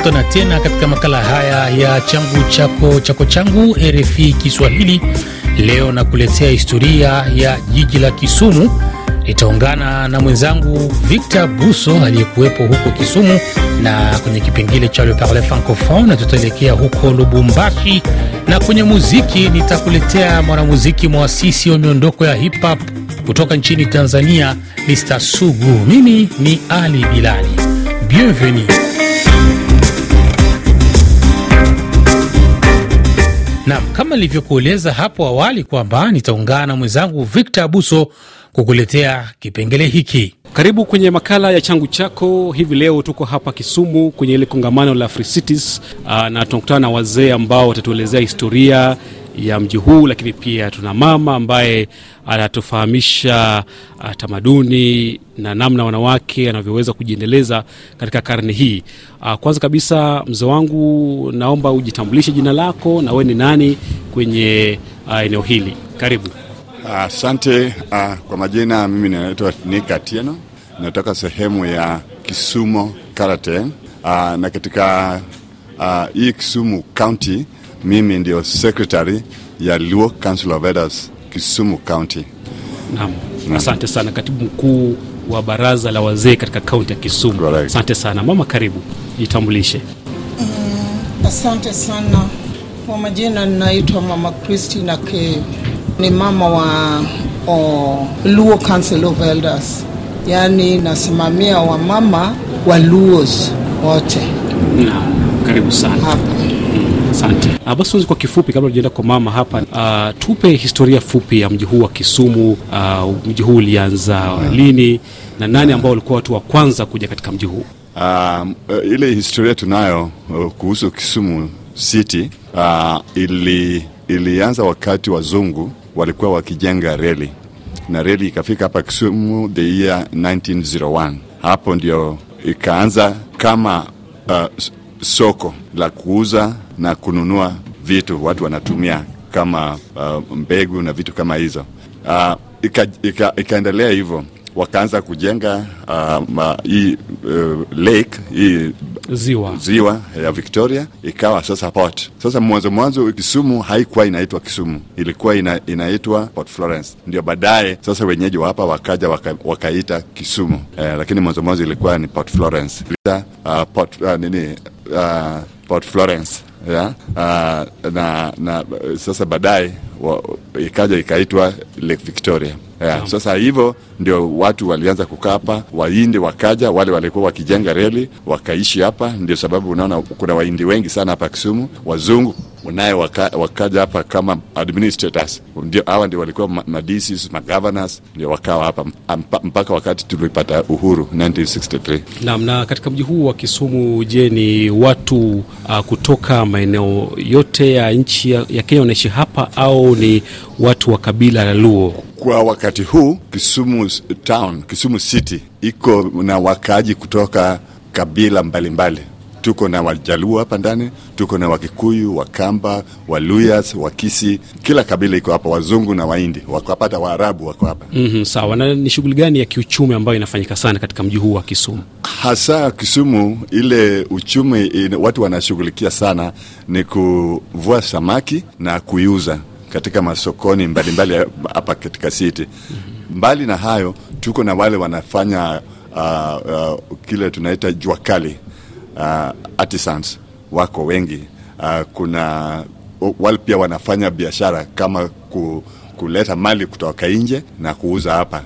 tunakutana tena katika makala haya ya changu chako chako changu RFI Kiswahili. Leo nakuletea historia ya jiji la Kisumu. Nitaungana na mwenzangu Victor Buso aliyekuwepo huko Kisumu na kwenye kipengele cha Le Parle Francophone, na tutaelekea huko Lubumbashi, na kwenye muziki nitakuletea mwanamuziki mwasisi wa miondoko ya hip hop kutoka nchini Tanzania, Mr Sugu. Mimi ni Ali Bilali. Bienvenue. Nam, kama nilivyokueleza hapo awali kwamba nitaungana na mwenzangu Victor Abuso kukuletea kipengele hiki. Karibu kwenye makala ya changu chako. Hivi leo tuko hapa Kisumu kwenye ile kongamano la Free Cities, ah, na tunakutana na wazee ambao watatuelezea historia ya mji huu, lakini pia tuna mama ambaye anatufahamisha uh, tamaduni na namna wanawake anavyoweza kujiendeleza katika karne hii. Uh, kwanza kabisa, mzee wangu, naomba ujitambulishe jina lako na wewe ni nani kwenye uh, eneo hili. Karibu. Asante. Uh, kwa majina mimi ninaitwa Nick Atieno, natoka sehemu ya kisumo Karate. Uh, na katika uh, hii Kisumu County mimi ndio secretary ya Luo Council of Elders Kisumu County. Naam. Asante sana katibu mkuu wa baraza la wazee katika kaunti ya Kisumu. Asante sana mama, karibu jitambulishe. Mm, asante sana kwa majina, ninaitwa mama Christina K, ni mama wa oh, Luo Council of Elders, yaani nasimamia wamama wa Luos wote. Naam, karibu sana Hapa. Asante Abasozi, ah, Kwa kifupi, kabla tujaenda kwa mama hapa, uh, tupe historia fupi ya mji huu wa Kisumu. Ah, mji huu ulianza lini na nani ambao walikuwa watu wa kwanza kuja katika mji huu? Uh, ile historia tunayo uh, kuhusu Kisumu City uh, ili, ilianza wakati wazungu walikuwa wakijenga reli na reli ikafika hapa Kisumu the year 1901. Hapo ndio ikaanza kama uh, soko la kuuza na kununua vitu watu wanatumia kama uh, mbegu na vitu kama hizo uh, ikaendelea ika, ika hivyo wakaanza kujenga uh, hii uh, lake hii ziwa, ziwa ya Victoria ikawa sasa port. Sasa mwanzo mwanzo Kisumu haikuwa inaitwa Kisumu, ilikuwa ina, inaitwa Port Florence, ndio baadaye sasa wenyeji wa hapa wakaja waka, wakaita Kisumu eh, lakini mwanzo mwanzo ilikuwa ni Port Florence. Uh, port, uh, nini uh, Port Florence yeah? uh, na, na sasa baadaye ikaja ikaitwa Lake Victoria yeah. Yeah. Sasa hivyo ndio watu walianza kukaa hapa, Wahindi wakaja, wale walikuwa wakijenga reli wakaishi hapa. Ndio sababu unaona kuna Wahindi wengi sana hapa Kisumu, wazungu naye wakaja waka hapa kama administrators, ndio hawa ndio walikuwa madisis magovernors, ndio wakawa hapa mpaka wakati tulipata uhuru 1963. Naam. Na katika mji huu wa Kisumu, je, ni watu uh, kutoka maeneo yote ya nchi ya, ya Kenya wanaishi hapa au ni watu wa kabila la Luo? Kwa wakati huu Kisumu town, Kisumu city iko na wakaaji kutoka kabila mbalimbali mbali tuko na Wajaluo hapa ndani, tuko na Wakikuyu, Wakamba, Waluyas, Wakisi, kila kabila iko hapa, Wazungu na Waindi wakapata, Waarabu wako hapa. mm -hmm, sawa. Na ni shughuli gani ya kiuchumi ambayo inafanyika sana katika mji huu wa Kisumu? Hasa Kisumu, ile uchumi watu wanashughulikia sana ni kuvua samaki na kuiuza katika masokoni mbalimbali hapa mbali katika city. mm -hmm. Mbali na hayo tuko na wale wanafanya uh, uh, kile tunaita jua kali uh, artisans wako wengi uh, kuna uh, wale pia wanafanya biashara kama ku, kuleta mali kutoka nje na kuuza hapa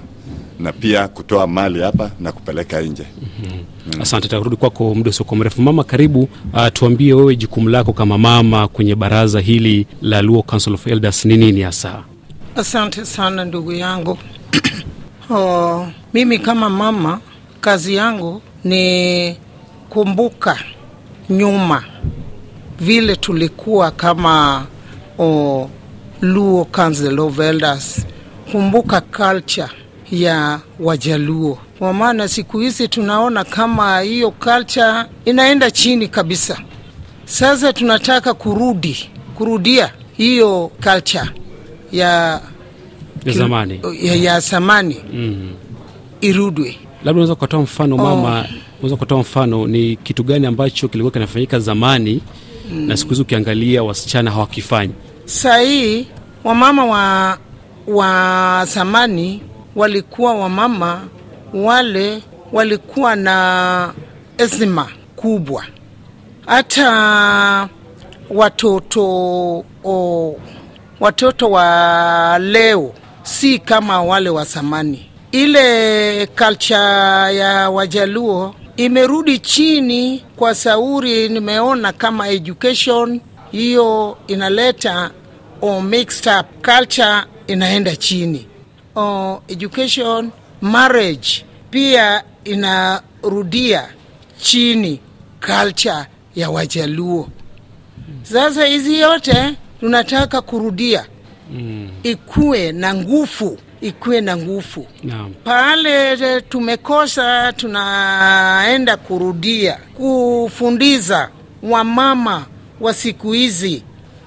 na pia kutoa mali hapa na kupeleka nje. mm-hmm. mm. Asante, tarudi kwako muda soko mrefu. Mama karibu. Uh, tuambie wewe jukumu lako kama mama kwenye baraza hili la Luo Council of Elders ni nini hasa? Asante sana ndugu yangu. Oh, mimi kama mama kazi yangu ni Kumbuka nyuma vile tulikuwa kama o, Luo Council of Elders. Kumbuka culture ya Wajaluo, kwa maana siku hizi tunaona kama hiyo culture inaenda chini kabisa. Sasa tunataka kurudi kurudia hiyo culture ya ya zamani, ya, ya zamani. Mm. Irudwe. Labda unaweza kutoa mfano mama, oh unaweza kutoa mfano, ni kitu gani ambacho kilikuwa kinafanyika zamani mm, na siku hizi ukiangalia wasichana hawakifanyi? Sahii wamama wa wa zamani walikuwa wamama wale walikuwa na ezima kubwa, hata watoto o, watoto wa leo si kama wale wa zamani. Ile kalcha ya Wajaluo imerudi chini kwa sauri. Nimeona kama education hiyo inaleta o mixed up culture inaenda chini, o oh, education, marriage pia inarudia chini culture ya Wajaluo. Sasa hizi yote tunataka kurudia, mm. ikuwe na nguvu ikuwe na nguvu Pale eh, tumekosa, tunaenda kurudia kufundiza wamama wa siku hizi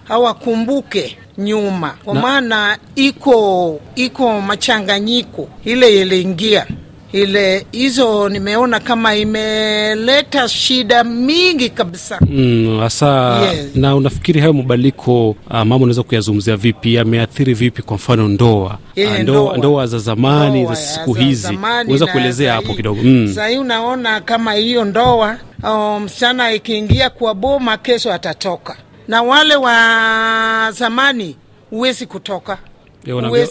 hawakumbuke nyuma, kwa maana iko iko machanganyiko ile iliingia ile hizo nimeona kama imeleta shida mingi kabisa mm, hasa mm, yes. Na unafikiri hayo mabadiliko uh, ah, mama unaweza kuyazungumzia vipi? Yameathiri vipi kwa mfano ndoa, yeah, eh, ndoa, ndoa za zamani ndoa, za siku hizi unaweza kuelezea hapo kidogo mm. Sahii unaona kama hiyo ndoa oh, msichana um, ikiingia kwa boma kesho atatoka, na wale wa zamani huwezi kutoka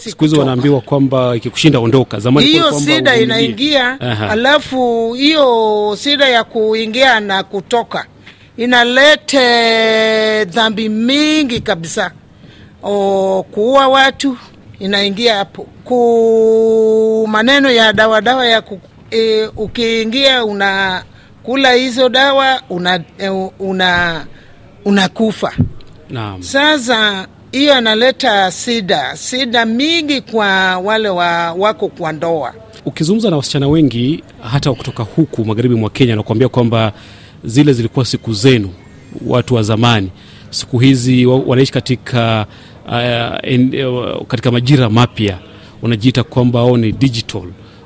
siku hizi wanaambiwa kwamba ikikushinda ondoka. Zamani hiyo sida inaingia, alafu hiyo sida ya kuingia na kutoka inalete dhambi mingi kabisa. kuua watu inaingia hapo, ku maneno ya dawa dawa ya ku, e, ukiingia unakula hizo dawa una, e, una unakufa. Naam. Sasa hiyo analeta sida sida mingi kwa wale wa, wako kwa ndoa. Ukizungumza na wasichana wengi hata kutoka huku magharibi mwa Kenya, anakuambia kwamba zile zilikuwa siku zenu, watu wa zamani. Siku hizi wanaishi katika, uh, in, uh, katika majira mapya, wanajiita kwamba wao ni digital.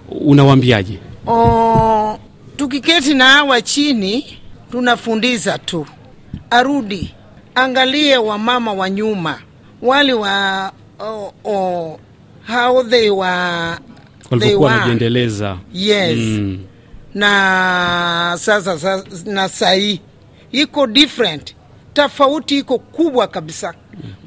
Unawaambiaje? Oh, tukiketi na hawa chini tunafundiza tu, arudi angalie wamama wa nyuma wale wa oh, oh, how they were walivyokuwa wanajiendeleza yes mm. na sasa, na sahii iko different, tofauti iko kubwa kabisa,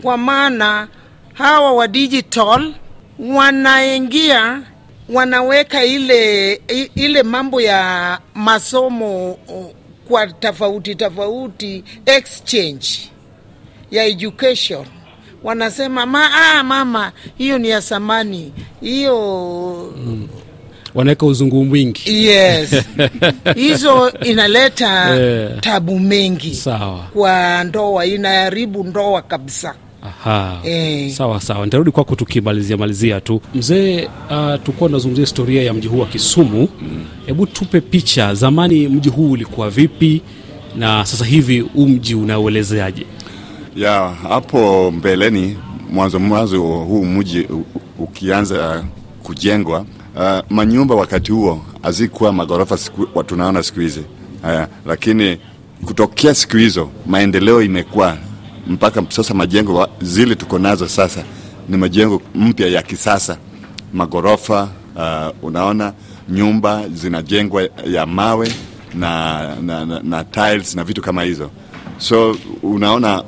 kwa maana hawa wa digital wanaingia wanaweka ile, ile mambo ya masomo kwa tofauti tofauti, exchange ya education wanasema ma, ah, mama hiyo ni ya samani hiyo mm wanaweka uzungu mwingi yes. hizo inaleta yeah. tabu mengi sawa. kwa ndoa, inaharibu ndoa kabisa. Aha. Eh. Sawa sawa, nitarudi kwako tukimalizia malizia tu mzee. Uh, ah, tukuwa tunazungumzia historia ya mji huu wa Kisumu. Mm. Hebu mm. tupe picha, zamani mji huu ulikuwa vipi na sasa hivi huu mji unaoelezeaje? ya hapo mbeleni, mwanzo mwanzo huu mji ukianza kujengwa, uh, manyumba wakati huo hazikuwa magorofa siku, tunaona siku hizi uh, lakini kutokea siku hizo maendeleo imekuwa mpaka sasa, majengo zile tuko nazo sasa ni majengo mpya ya kisasa, magorofa uh, unaona nyumba zinajengwa ya mawe na, na, na, na tiles na vitu kama hizo. So unaona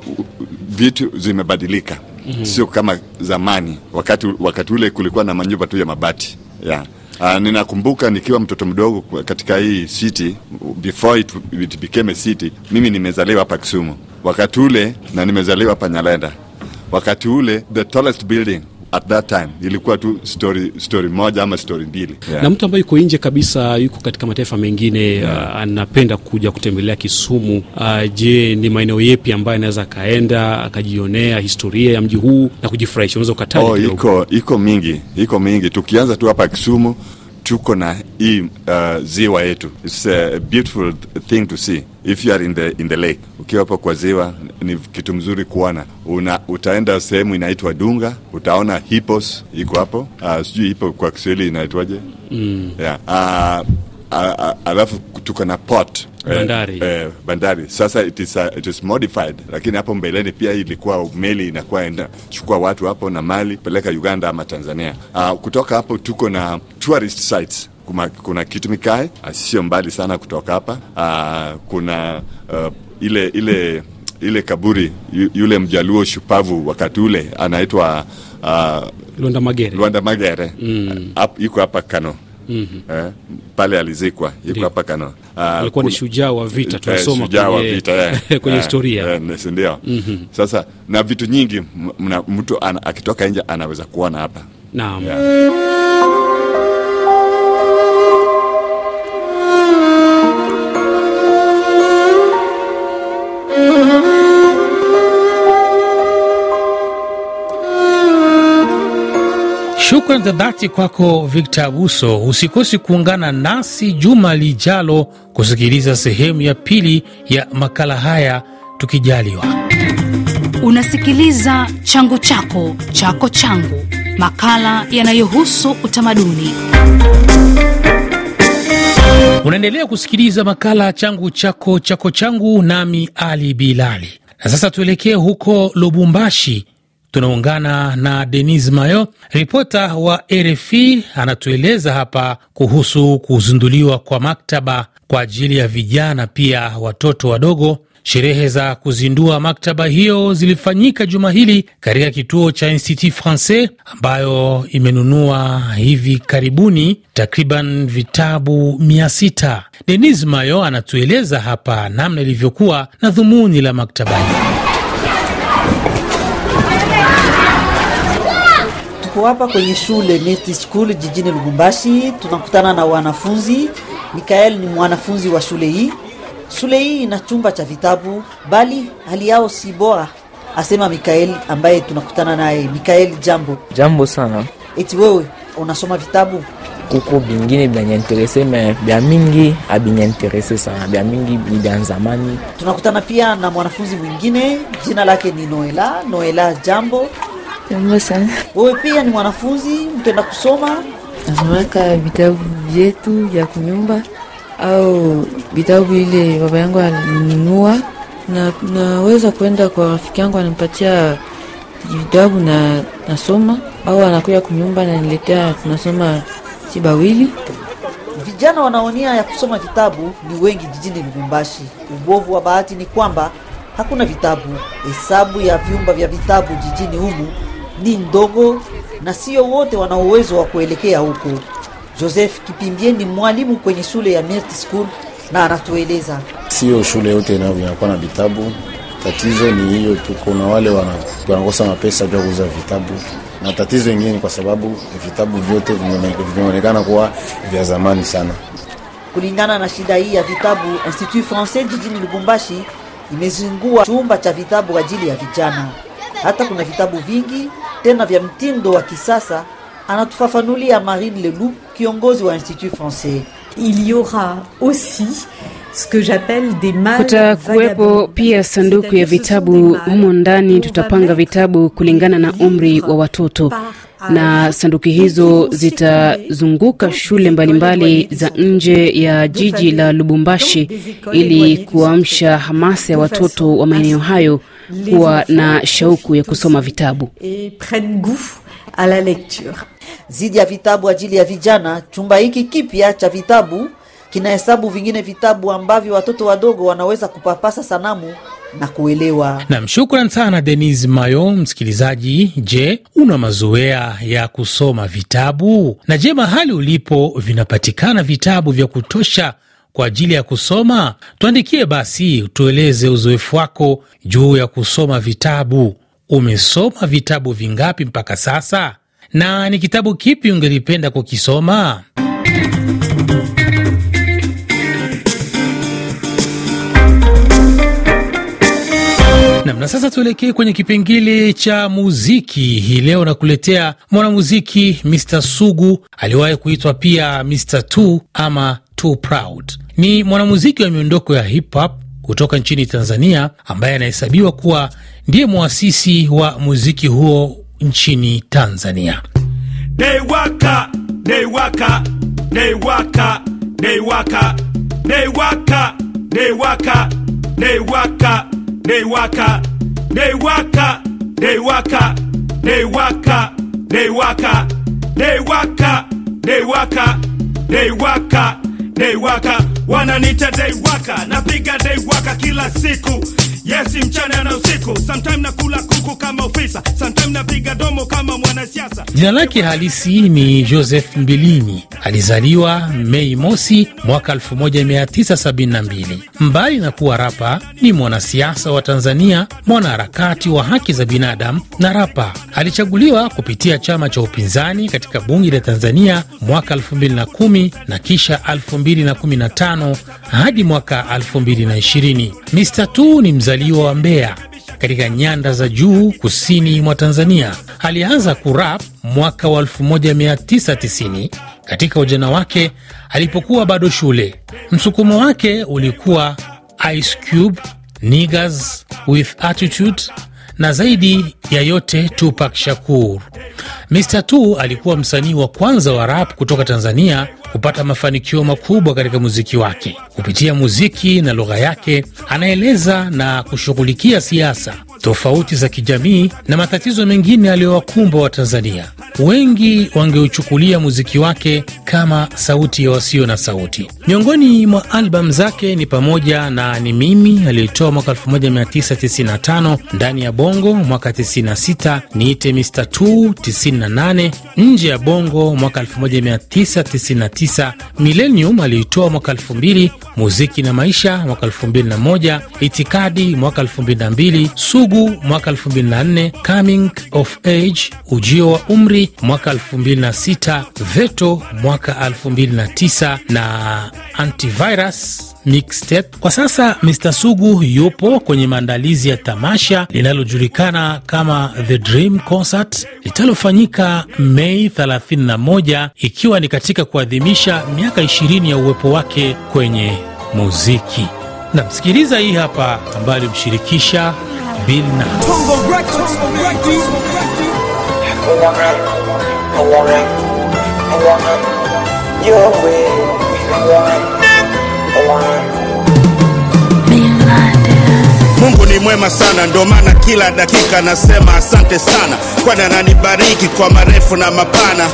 vitu zimebadilika. mm -hmm. Sio kama zamani, wakati wakati ule kulikuwa na manyumba tu ya mabati yeah. Uh, ninakumbuka nikiwa mtoto mdogo katika hii city before it, it became a city. Mimi nimezaliwa hapa Kisumu wakati ule na nimezaliwa hapa Nyalenda wakati ule, the tallest building at that time ilikuwa tu story, story moja ama story mbili yeah. Na mtu ambaye yuko nje kabisa, yuko katika mataifa mengine yeah. Uh, anapenda kuja kutembelea Kisumu. Uh, je, ni maeneo yepi ambayo anaweza akaenda akajionea historia ya mji huu na kujifurahisha? Unaweza ukataja? Oh, iko iko mingi, iko mingi tukianza tu hapa Kisumu tuko na hii uh, ziwa yetu. It's a beautiful thing to see if you are in the, in the lake. Ukiwa hapa kwa ziwa ni kitu mzuri kuona. Una, utaenda sehemu inaitwa Dunga, utaona hippos iko hapo. Uh, sijui hipo kwa Kiswahili inaitwaje? mm. yeah. uh, uh, uh, alafu tuko na pot bandari. Eh, eh, bandari sasa it is, uh, it is modified, lakini hapo mbeleni pia ilikuwa meli inakuwa inachukua watu hapo na mali peleka Uganda ama Tanzania. Uh, kutoka hapo tuko na tourist sites kuna, kuna Kitmikae ah, sio mbali sana kutoka hapa. Uh, kuna uh, ile ile ile kaburi yule mjaluo shupavu wakati ule anaitwa uh, Lwanda Magere, Luanda Magere mm. iko hapa Kano mm -hmm. eh, pale alizikwa yuko hapa kana uh, alikuwa ni shujaa wa vita eh, tunasoma eh, kwenye, vita, eh, kwenye eh, historia eh, ndio mm -hmm. Sasa na vitu nyingi mtu akitoka nje anaweza kuona hapa naam yeah. Shukran za dhati kwako Victor Abuso. Usikosi kuungana nasi juma lijalo kusikiliza sehemu ya pili ya makala haya tukijaliwa. Unasikiliza changu chako chako changu, makala yanayohusu utamaduni. Unaendelea kusikiliza makala changu chako chako changu, nami Ali Bilali. Na sasa tuelekee huko Lubumbashi tunaungana na Denis Mayo, ripota wa RFI, anatueleza hapa kuhusu kuzinduliwa kwa maktaba kwa ajili ya vijana pia watoto wadogo. Sherehe za kuzindua maktaba hiyo zilifanyika juma hili katika kituo cha Institut Francais ambayo imenunua hivi karibuni takriban vitabu mia sita. Denis Mayo anatueleza hapa namna ilivyokuwa na dhumuni la maktaba hiyo. tuko hapa kwenye shule Neti School jijini Lubumbashi, tunakutana na wanafunzi. Mikael ni mwanafunzi wa shule hii. Shule hii ina chumba cha vitabu, bali hali yao si bora, asema Mikael ambaye tunakutana naye. Mikael, jambo. Jambo sana. Eti wewe unasoma vitabu? Kuko bingine binanyanterese me bya mingi abinyanterese sana, bya mingi ni bya zamani. Tunakutana pia na mwanafunzi mwingine, jina lake ni Noela. Noela, jambo. Jambo sana. Wewe pia ni mwanafunzi, mpenda kusoma? Nasomaka vitabu vyetu vya kunyumba au vitabu ile baba yangu alinunua, na naweza kwenda kwa rafiki yangu anampatia vitabu na nasoma, au anakuja kunyumba naniletea, tunasoma sibawili. Vijana wanaonia ya kusoma vitabu ni wengi jijini Lubumbashi. Ubovu wa bahati ni kwamba hakuna vitabu. Hesabu ya vyumba vya vitabu jijini humu dini ndogo na sio wote wana uwezo wa kuelekea huko. Joseph Kipimbie ni mwalimu kwenye shule ya Mert School na anatueleza. Sio shule yote inakuwa na vitabu, tatizo ni hiyo tu. Kuna wale wanakosa mapesa ya kuuza vitabu, na tatizo ingine ni kwa sababu vitabu vyote vimeonekana kuwa vya zamani sana. Kulingana na shida hii ya vitabu, Institut Francais jijini Lubumbashi imezingua chumba cha vitabu ajili ya vijana. Hata kuna vitabu vingi tena vya mtindo wa kisasa, anatufafanulia Marine Leloup, kiongozi wa Institut Francais. Il y aura aussi Kutakuwepo pia sanduku ya vitabu humo ndani. Tutapanga vitabu kulingana na umri wa watoto, na sanduku hizo zitazunguka shule mbalimbali za nje ya jiji la Lubumbashi ili kuamsha hamasa ya watoto wa maeneo hayo kuwa na shauku ya kusoma vitabu zidi ya vitabu ajili ya vijana. Chumba hiki kipya cha vitabu kinahesabu vingine vitabu ambavyo watoto wadogo wanaweza kupapasa sanamu na kuelewa. Nam, shukran sana Denis Mayo. Msikilizaji, je, una mazoea ya kusoma vitabu? Na je, mahali ulipo vinapatikana vitabu vya kutosha kwa ajili ya kusoma? Tuandikie basi, tueleze uzoefu wako juu ya kusoma vitabu. Umesoma vitabu vingapi mpaka sasa, na ni kitabu kipi ungelipenda kukisoma? namna na sasa tuelekee kwenye kipengele cha muziki. Hii leo nakuletea mwanamuziki Mr Sugu aliwahi kuitwa pia Mr Too ama Too Proud. Ni mwanamuziki wa miondoko ya hip hop kutoka nchini Tanzania ambaye anahesabiwa kuwa ndiye mwasisi wa muziki huo nchini Tanzania. Dewaka, wananita daiwaka, napiga daiwaka kila siku Yes, mchana na usiku, sometime nakula kuku kama ofisa, sometime napiga domo kama mwanasiasa. Jina lake halisi ni Joseph Mbilini. Alizaliwa Mei Mosi mwaka 1972. Mbali na kuwa rapa, ni mwanasiasa wa Tanzania, mwanaharakati wa haki za binadamu na rapa. Alichaguliwa kupitia chama cha upinzani katika bunge la Tanzania mwaka 2010 na kisha 2015 hadi mwaka 2020. Mr. Tu ni mzali mzaliwa wa Mbeya katika nyanda za juu kusini mwa Tanzania. Alianza kurap mwaka wa 1990 katika ujana wake alipokuwa bado shule. Msukumo wake ulikuwa Ice Cube, Niggas with Attitude na zaidi ya yote Tupac Shakur. Mr. Tu alikuwa msanii wa kwanza wa rap kutoka Tanzania kupata mafanikio makubwa katika muziki wake. Kupitia muziki na lugha yake, anaeleza na kushughulikia siasa tofauti za kijamii na matatizo mengine aliyowakumba Watanzania. Wengi wangeuchukulia muziki wake kama sauti ya wasio na sauti. Miongoni mwa albamu zake ni pamoja na Ni Mimi aliyotoa mwaka 1995, Ndani ya Bongo mwaka 96, Niite Mr 2 98, Nje ya Bongo mwaka 1999, Millennium aliyoitoa mwaka 2000, Muziki na Maisha mwaka 2001, Itikadi mwaka 2002, Sugu Majibu mwaka 2004, Coming of Age ujio wa umri mwaka 2006, Veto mwaka 2009 na Antivirus mixtape. Kwa sasa Mr Sugu yupo kwenye maandalizi ya tamasha linalojulikana kama The Dream Concert litalofanyika Mei 31 ikiwa ni katika kuadhimisha miaka 20 ya uwepo wake kwenye muziki. Namsikiliza hii hapa ambayo alimshirikisha Bilna. Records. I I I your way. I I Mungu ni mwema sana, ndio maana kila dakika nasema asante sana, kwani ananibariki kwa marefu na mapana,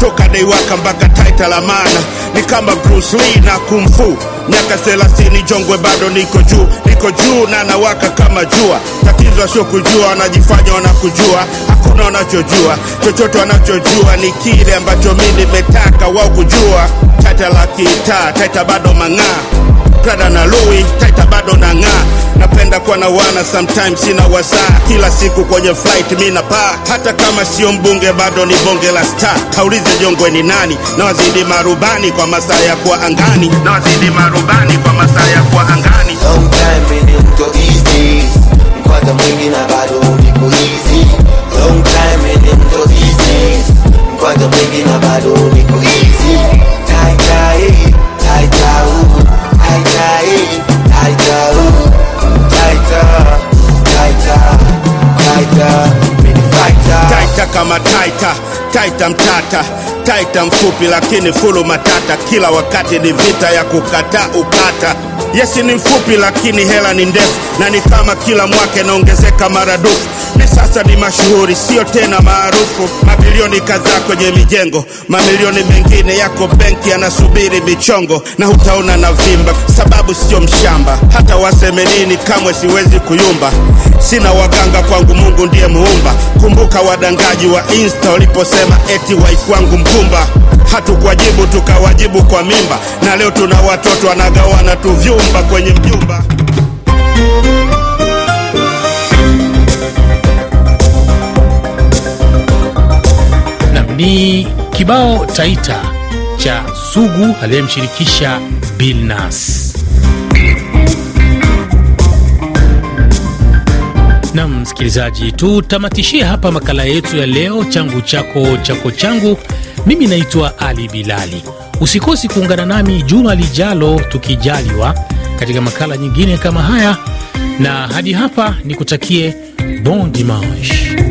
toka deiwaka mpaka taita la maana, ni kama Bruce Lee na kumfu miaka thelathini jongwe bado niko juu niko juu na nawaka kama jua tatizo sio kujua wanajifanya wanakujua hakuna wanachojua chochote wanachojua ni kile ambacho mi nimetaka wao kujua tata la kitaa taita bado mang'aa Prada na Louis, taita bado na ng'aa. Napenda kuwa na wana sometimes sina wasaa. Kila siku kwenye flight mi napaa, hata kama sio mbunge bado ni bonge la star. Kaulize Jongwe ni nani, na wazidi marubani kwa masaa ya kuwa angani, na wazidi marubani kwa masaa ya kuwa angani. Sometimes ni mtu easy, mkwata mwingi na bado niko easy. Long time ni mtu easy, mkwata mwingi na bado niko easy. Tai tai tai tai taita kama taita taita mtata taita mfupi lakini fulu matata kila wakati ni vita ya kukataa ukata yesi ni mfupi lakini hela ni ndefu na ni kama kila mwaka inaongezeka maradufu Wavuvi sasa ni mashuhuri, sio tena maarufu. Mabilioni kadhaa kwenye mijengo, mamilioni mengine yako benki yanasubiri michongo, na hutaona na vimba sababu sio mshamba. Hata waseme nini, kamwe siwezi kuyumba. Sina waganga kwangu, Mungu ndiye muumba. Kumbuka wadangaji wa Insta waliposema eti waikwangu mkumba hatukuwajibu tukawajibu kwa mimba, na leo tuna watoto wanagawana tu vyumba kwenye mjumba. ni kibao Taita cha Sugu aliyemshirikisha bilnas Na msikilizaji, tutamatishie hapa makala yetu ya leo, changu chako chako changu. Mimi naitwa Ali Bilali. Usikosi kuungana nami juma lijalo, tukijaliwa, katika makala nyingine kama haya, na hadi hapa nikutakie bon dimanche.